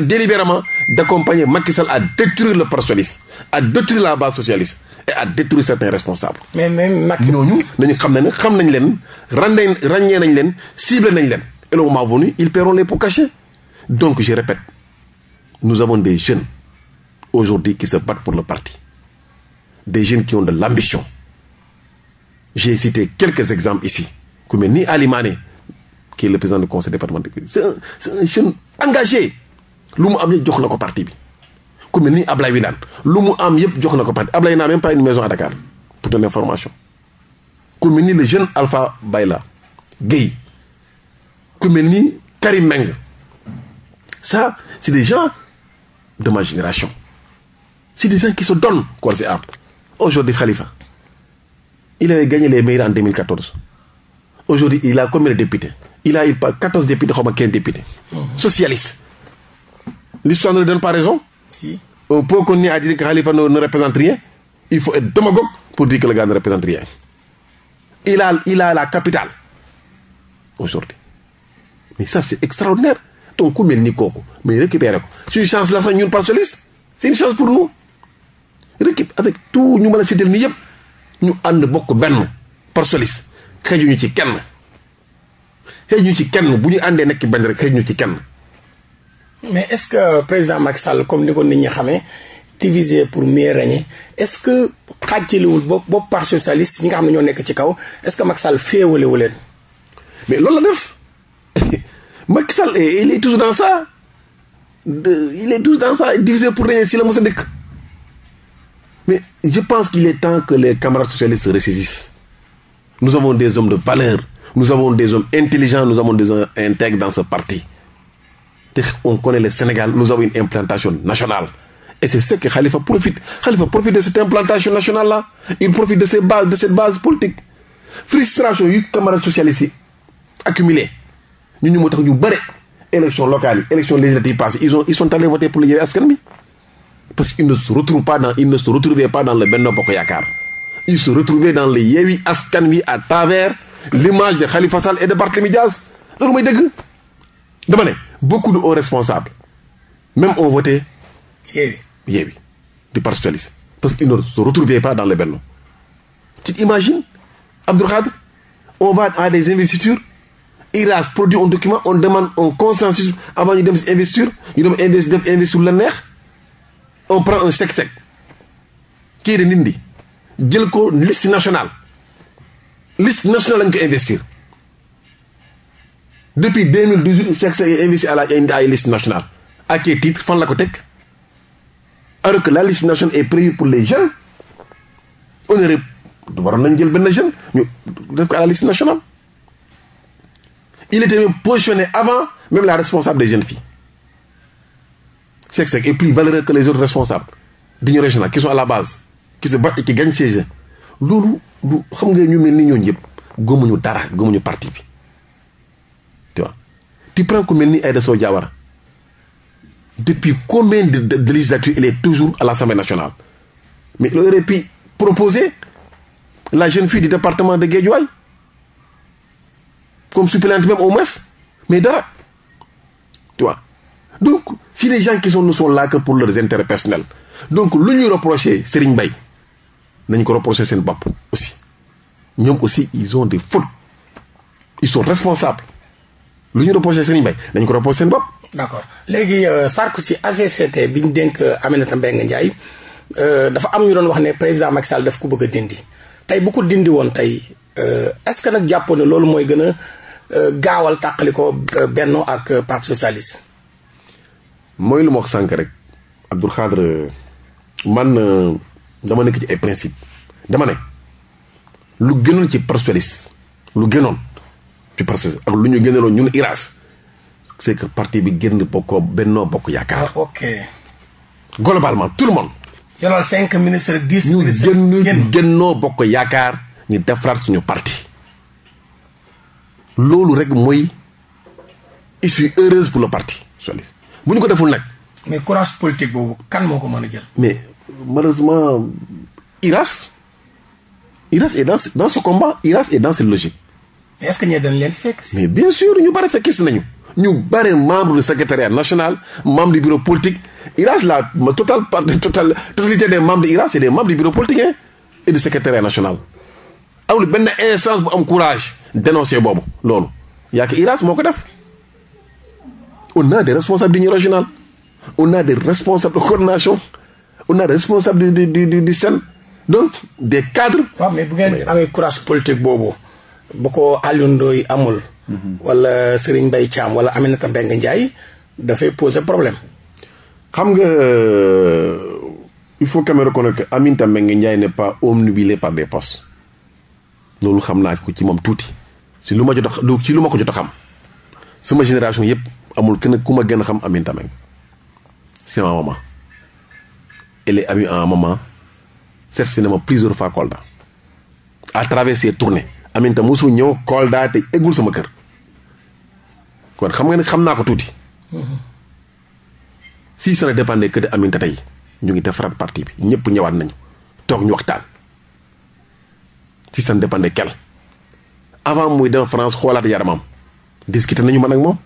délibérément d'accompagner Macky Sall à détruire le parti socialiste à détruire la base socialiste et à détruire certains responsables. mais mais Macky ñooñu nañu xam ne xam nañ leen ràññee rañee nañ leen ciblé nañ leen et le moment venu ils paieront les pots cachés donc je répète nous avons des jeunes aujourd'hui qui se battent pour le parti. des jeunes qui ont de l'ambition j'ai cité quelques exemples ici ku mel ni Ali Mané qui est le président du conseil départemental c'est un c'est un jeune engagé lu mu am yëpp jox na ko parti bi ku mel ni Ablaye Wilane lu mu am yëpp jox na ko parti Ablaye n'a même pas une maison à Dakar pour donner formation ku mel ni le jeune Alpha Bayla Guèye ku mel ni Karim Meng ça c'est des gens de ma génération c'est des gens qui se donnent corps et âme Aujourd'hui, Khalifa, il avait gagné les maires en 2014. Aujourd'hui, il a combien de députés Il a 14 députés, comme Socialiste. L'histoire ne lui donne pas raison Si. On peut continuer à dire que Khalifa ne, ne, représente Il faut être démagogue pour dire que le gars ne représente rien. la capitale. Aujourd'hui. Mais ça, c'est extraordinaire. Ton coup, mais Mais récupère. C'est une chance là, ça, une C'est une chance pour nous. Rëkkib avec tout ñu mën si siddal nii yëpp ñu ànd bokk benn par solis xëjuñu ci kenn xëjuñu ci kenn bu ñu àndee nekk benn rek xëjuñu ci kenn. mais est-ce que président Macky Sall comme ni ko ni ñi xamee diviser pour mieux régner est-ce que xàjjaliwul bopp bopp parti socialiste ñi nga xam ne ñoo nekk ci kaw est-ce que Macky Sall féewalewu leen. mais loolu la def Macky Sall il est toujours dans ça il dans ça diviser pour régner si la mos a dëkk. je pense qu'il est temps que les camarades socialistes se ressaisissent. Nous avons des hommes de valeur, nous avons des hommes intelligents, nous avons des hommes intègres dans ce parti. On connaît le Sénégal, nous avons une implantation nationale. Et c'est ce que Khalifa profite. Khalifa profite de cette implantation nationale-là. Il profite de, ses bases, de cette base politique. Frustration, les camarades socialistes accumulés. Nous, nous avons élections locales, élections législatives passées. Ils, parce qu'il ne se retrouve pas dans il ne se retrouvait pas dans le Benno Bokk Yaakaar il se retrouvait dans le Yewwi Askan Wi à travers l'image de Khalifa Sall et de Barthélémy Dias loolu mooy dëgg dama ne beaucoup de hauts responsables même ont voté Yewwi Yewwi du Parti socialiste parce qu'ils ne se retrouvaient pas dans le Benno tu t'imagines Abdou on va à des investitures IRAS produit un document on demande un consensus avant ñu dem si investiture ñu la neex on prend un sec-sec qui est de Ndindy jël ko liste nationale liste nationale lañ ko investir depuis 2018 sec-sec est investi à la ay liste nationale a quel titre fan la ko teg alors que la liste nationale et prévue pour les jeunes on aurait waroon nañ jël benn jeune ñu def ko à la liste nationale il était même positionné avant même la responsable des jeunes filles Cheikh Seck est plus valeureux que les autres responsables d'union régionale qui sont à la base qui se battent et qui gagnent ces loolu du xam nga ñu mel ni ñooñu yëpp gëmuñu dara gëmuñu parti bi tu vois tu prends ku mel ni Aïda Sow Diawara depuis combien de, de, de il est toujours à l'Assemblée nationale mais il aurait pu la jeune fii di département de Guédiawaye comme suppléante même au moins mais dara tu vois donc si les gens qui sont ne sont là que pour leurs intérêts personnels donc lu ñuy reprocher Serigne Mbaye nañ ko reprocher seen bopp aussi ñoom aussi ils ont des fautes ils sont responsables lu ñu reprocher Serigne Mbaye nañ ko reprocher seen bopp. d'accord léegi euh, Sarkozy AGCT bi ñu dénk euh, Aminata Mbengue Ndiaye euh, dafa am ñu doon wax ne président Macky Sall daf ko bëgg a dindi tey bu ko dindi woon tey est-ce que nag jàppoon ne loolu mooy gën a gaawal tàqali ko Benno ak Parti socialiste. mooy lu ma wax sànq rek Abdou Khadre man euh, dama nekk ci ay principe dama ne lu gënoon ci Parsolis lu gënoon ci Parsolis ak lu ñu gënaloon ñun Iras c'est que parti bi génn bokkoo bennoo bokk yaakaar. Ah, ok. tout le monde. yoral cinq ministres dix ministres ñu génn génnoo bokk yaakaar ñu defaraat suñu parti. loolu rek mooy issue heureuse pour le parti socialiste bu ñu ko deful nag. mais courage politique boobu kan moo ko mën a jël. mais malheureusement Iras Iras est dans dans ce combat Iras dans cette logique. mais est-ce que dañ leen fekk si. mais bien sûr ñu bari fekk si nañu. ñu bari membre du secrétariat national membre du bureau politique Iras la ma total part total totalité des membre de Iras c'est des membres du bureau politique et du secrétariat national. amul benn instance bu am courage dénoncer boobu loolu yaa ngi moo ko def. on a des responsables d'union régionale on a des responsables de coordination on a des responsables du du du du SEN donc des cadres. waaw mais bu ngeen amee courage politique boobu bu ko Alioune Ndoye amul. wala Serigne Mbaye Thiam wala Aminata Mbengue Ndiaye dafay poser problème. xam nga euh, il faut quand même reconnaître que Aminata Mbengue Ndiaye n'est pas omnubilée par des postes loolu xam naa ko ci moom tuuti si lu ma jot a ci lu ma ko jot a xam sama génération yëpp. amul kenn ku ma gën a xam Amine Tameng c'est ma maman elle est en maman seet si na ma plusieurs fois Kolda à travers ses tournées Amine tam ñëw Kolda te eggul sama kër kon xam nga ne xam naa ko tuuti si ça ne dépendait Aminta tey ñu ngi defaraat parti bi ñëpp ñëwaat nañu toog ñu waxtaan si ça ne dépendait qu'elle avant muy dem France xoolaat yaramam discuter nañu man ak moom.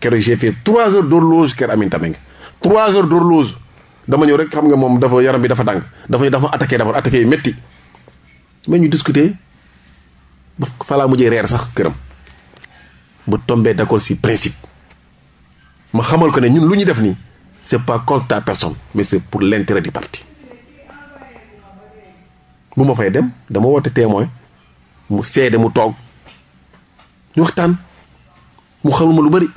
keroog j'ai fait trois heures d'horloge kër Aminta Mbengue trois heures d'horloge dama ñëw rek xam nga moom dafa yaram bi dafa dàng dafa ñu dafa attaqué d'abord attaqué métti mais ñu discuter ba fa laa mujjee reer sax këram ba tombé d'accord ci principe ma xamal ko ne ñun lu ñu def nii c'est pas contre ta personne mais c'est pour l'intérêt du parti bu ma fay dem dama woote témoin mu seede mu toog ñu waxtaan mu xamal ma lu bari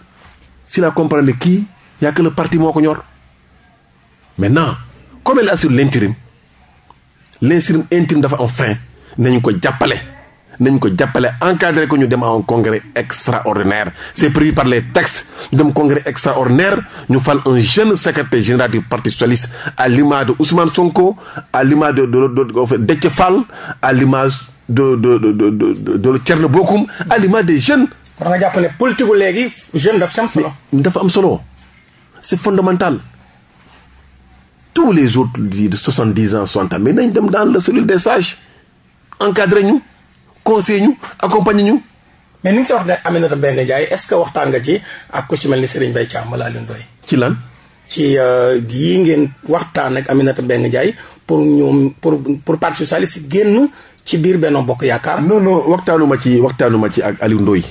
s'il la compris ne kii y a parti moo ko ñor maintenant comme elle assure l'intérim l'intérim intime dafa am fin nañ ko jàppale nañ ko jàppale encadré ko ñu dem à un congrès extraordinaire c'est prévu par les textes ñu dem congrès extraordinaire ñu fal un jeune secretaire général du parti socialiste à l'image de Ousmane Sonko à l'image de de Déthié Fall à l'image de de de de de Thierno Bocoum à l'image des jeunes war nga jàpp ne léegi jeune daf si am solo. dafa am solo c'est fondamental tous les autres yi de soixante dix ans soixante ans mais nañ dem daal la cellule des sages encadré ñu conseillé ñu accompagné ñu. mais ni nga si wax ne Aminata Mbengue Ndiaye est-ce que waxtaan nga ci ak ku ci mel ni Serigne Mbaye Thiam wala Alioune Ndoye. ci lan. ci yii euh, ngeen waxtaan ak Aminata Mbengue Ndiaye pour ñoom pour pour parti si génn ci biir Benno Bokk Yaakaar. non non waxtaanu ma ci waxtaanu ci ak Alioune Ndoye.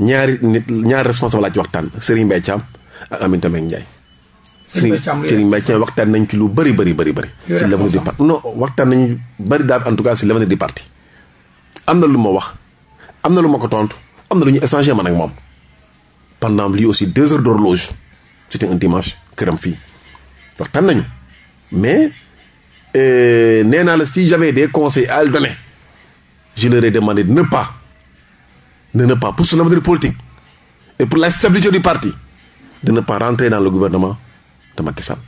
ñaari nit ñaari responsable laa ci waxtaan Serigne Mbaye Thiam ak Aminata Mbengue Ndiaye. Serigne Serigne Mbaye Thiam waxtaan nañ ci lu bëri bëri bëri bëri. ci l'avenir du parti waxtaan nañu bari daal en tout cas si l'avenir du parti. am na lu ma wax am na lu ma ko tontu am na lu ñu échangé man ak moom pendant lui aussi deux heures d'horloge c'était un dimanche këram fii waxtaan nañu mais euh, nee naa la si j'avais des conseils à lui donner je leur ai demandé ne pas. de ne pas, pour son avenir politique et pour la stabilité du parti, de ne pas rentrer dans le gouvernement de Macky Sall.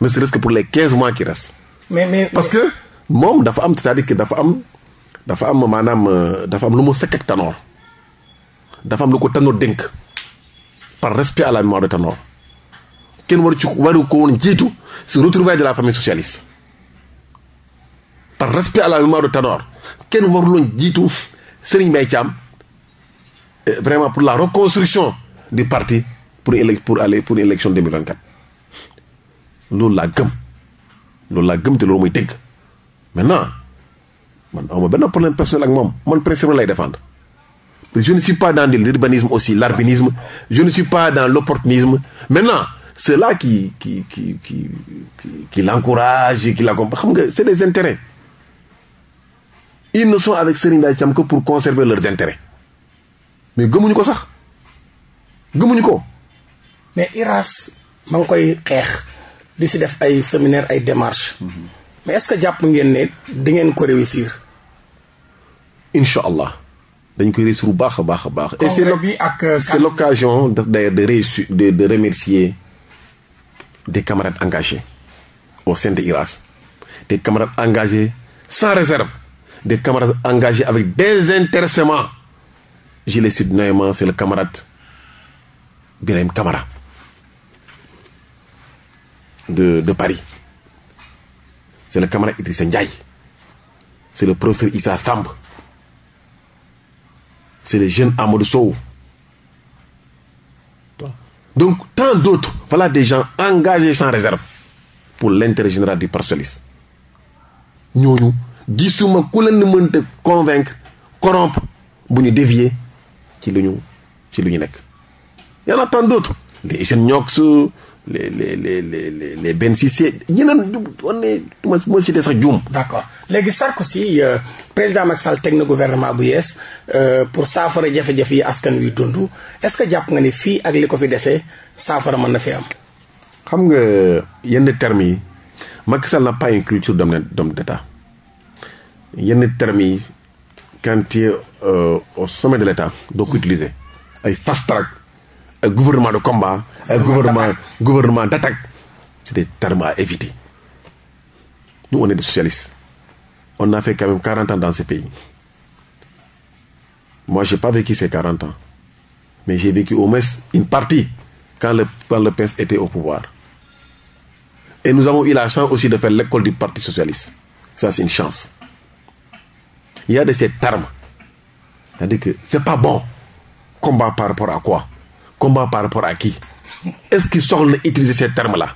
Ne pour les 15 mois qui restent. mais mais parce que moom dafa am c'est-à-dire dafa am dafa am maanaam euh, dafa am lu mu sekk ak dafa am lu ko Tanor dénk par respect à la mémoire de Tanor kenn waru ci waru jiitu si retrouvailles de la famille socialiste par respect à la mémoire de Tanor kenn waruloon jiitu Serigne Mbaye Thiam Euh, vraiment pour la reconstruction di parti pour élec pour aller pour élection 2024 loolu la gëm loolu laa gëm te loolu mooy teg maintenant man awma benn problème personnel ak moom man principe lay défendre je ne suis pas dans l'urbanisme aussi l'arbinisme je ne suis pas dans l'opportunisme maintenant ceux-là qui qui qui qui qui, qui l'encouragent et qui l'accompagnent xam nga c'est les intérêts ils ne sont avec Serigne Ndiaye Thiam que pour conserver leurs intérêts mais gëmuñu ko sax gëmuñu ko. mais IRAS ma ngi koy xeex di si def ay séminaire ay démarches. Mm-hmm. mais est-ce que jàpp ngeen ne di ngeen ko réussir. incha allah dañ koy réussir bu baax a baax a baax. et c'est bi ak euh, c'est l'occasion d'ailleurs de réussir de de remercier des camarades engagés au sein de IRAS des camarades engagés sans réserve des camarades engagés avec désintéressement. je les cite notamment c'est le camarade Birahim Camara de de Paris c'est le camarade Idrissa Ndiaye c'est le professeur Issa Samb c'est le jeune Amadou Sow donc tant d'autres voilà des gens engagés sans réserve pour l'intérêt général du Parti ñooñu gisuma ku leen mënta convaincre corrompre bu ñu dévier ci lu ñu ci lu ñu nekk y en a tant d'autres les jeunes ñox les les les les les Ben Cissé ñeneen on est ma si cité sax juum. d'accord léegi si Sarkozy euh, président Macky Sall teg na gouvernement bu yees euh, pour saafara jafe-jafe yi askan wi dund est-ce jàpp nga ni fii ak li ko fi desee saafara mën na fi am. xam nga yenn termes yi Macky Sall n'a pas une culture d'homme d'État yenn termes yi. quand tu es euh, au sommet de l'État doo mm. utiliser ay fast track ay gouvernement de combat ay gouvernement gouvernement d'attaque c'est des termes à éviter nous on est des on a fait quand même 40 ans dans ce pays moi j'ai pas vécu ces 40 ans mais j'ai vécu au moins une partie quand le quand le PS au pouvoir et nous avons eu la chance aussi de faire l'école du Parti socialiste ça c'est une chance il y a de ces termes cest à c'est pas bon combat par rapport à quoi combat par rapport à qui est-ce qu'ils sont na utiliser ces termes là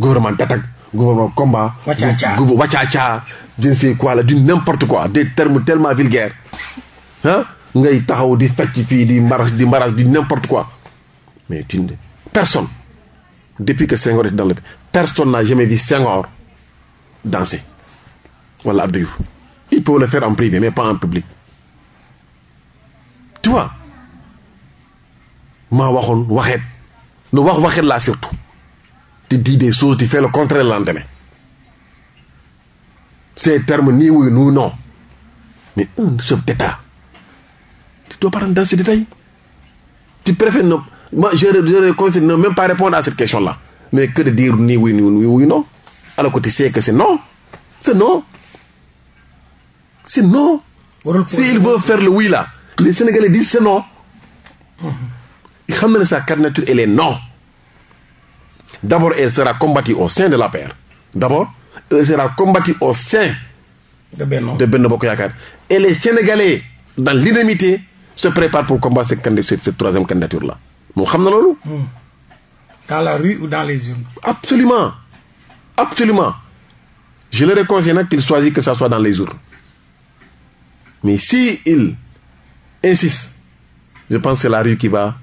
gouvernement d'attaque gouvernement combat wacaaca je ne sais quoi là du n'importe quoi des termes tellement vulgaires ah ngay taxaw di fecc fii di mbaras di mbaras di n'importe quoi mais tu personne depuis que Senghor est dans le pays personne n'a jamais vu Senghor danser wala Abdou Ils peuvent le faire en privé, mais pas en public. Tu vois maa waxoon waxeet lu wax waxeet laa surtout te dis des choses di fait le contraire le lendemain ces termes nii oui nii non mais un chef d'État tu dois pas rentrer dans ces détails tu préfères ne moi je je conseille ne même pas répondre à cette question là mais que de dire nii oui nii oui non alors que tu sais que c'est non c'est non c'est non. si il veut faire le oui là. les Sénégalais disent c'est non. xam na ne sa candidature elle est non. d'abord elle sera combattue au sein de l'APR. d'abord elle sera combattue au sein. de Benno de Benno Bokk Yaakaar est les Sénégalais dans l'unanimité se préparent pour combattre cette candidature cette troisième candidature là moom xam na loolu. Hmm. la rue ou dans les urnes. absolument absolument je leur ai conseillé nag qu'ils que ça soit dans les urnes. Mais si il insiste, je pense que c'est la rue qui va,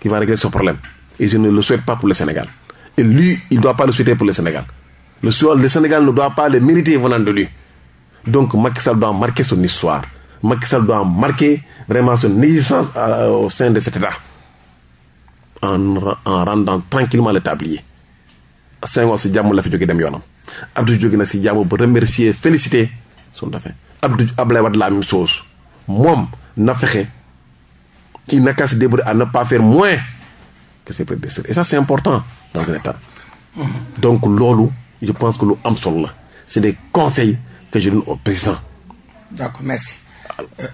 qui va régler ce problème. Et je ne le souhaite pas pour le Sénégal. Et lui, il ne doit pas le souhaiter pour le Sénégal. Le, soir, le Sénégal ne doit pas le mériter venant de lui. Donc Macky Sall doit marquer son histoire. Macky Sall doit marquer vraiment son existence à, euh, au sein de cet État. En, en rendant tranquillement le tablier. Senghor si jàmm la fi jóge dem yoonam Abdou jóge na si jàmm ba remercier féliciter son dafa Abdou Abdoulaye Wade la même chose moom na fexe il n'a qu'à se débrouiller à ne pas faire moins que ses prédécesseurs et ça c'est important dans un État donc loolu je pense que lu am solo la c'est des conseils que je donne au président d'accord merci euh,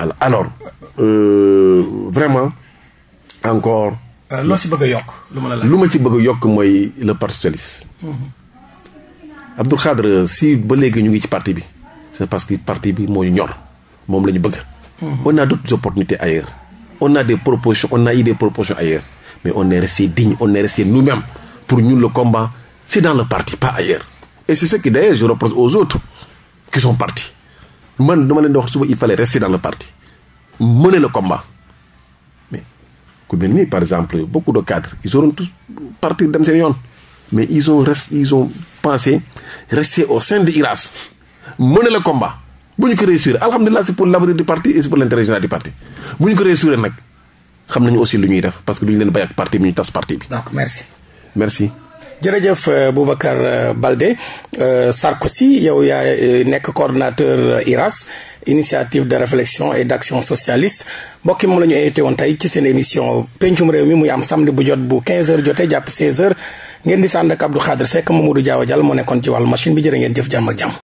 euh, alors, euh, vraiment encore loo si bëgg a yokk lu ma la laaj lu ma ci bëgg a yokk mooy le parti socialiste mhm. Abdou Khadre si ba léegi ñu ngi ci parti bi c'est parce que parti bi moo ñu ñor moom la ñu bëgg. Mhm. on a d'autres opportunités ailleurs. on a des propositions on a eu des propositions ailleurs mais on est resté digne on est resté nous-mêmes pour ñun le combat c'est dans le parti pas ailleurs. et c'est ce que d'ailleurs je reproche aux autres qui sont partis man dama leen di wax suba il fallait rester dans le parti mener le combat mais ku mel nii par exemple beaucoup de cadres ils auront tous partir dem seen yoon mais ils ont rest ils ont pensé rester au mu ne la combat bu ñu ko réussir alhamdulilah c'est pour l'avenir du parti et c'est pour l'intérêt général du parti bu ñu ko réussir nag xam nañu aussi lu ñuy def parce que du ñu leen bàyyi parti bi ñu tas parti bi. donc merci. merci. jërëjëf euh, Boubacar euh, Baldé euh, Sarkozy yow yaa nekk coordonnateur IRAS initiative de réflexion et d'action socialiste mbokk yi moom la ñu invité woon tey ci seen émission pencum réew mi muy am samedi bu jot bu 15h jotee jàpp 16h ngeen di sànd ak Abdou Khadre Seck Mamadou Diaw ngeen jëf jàmm ak jàmm.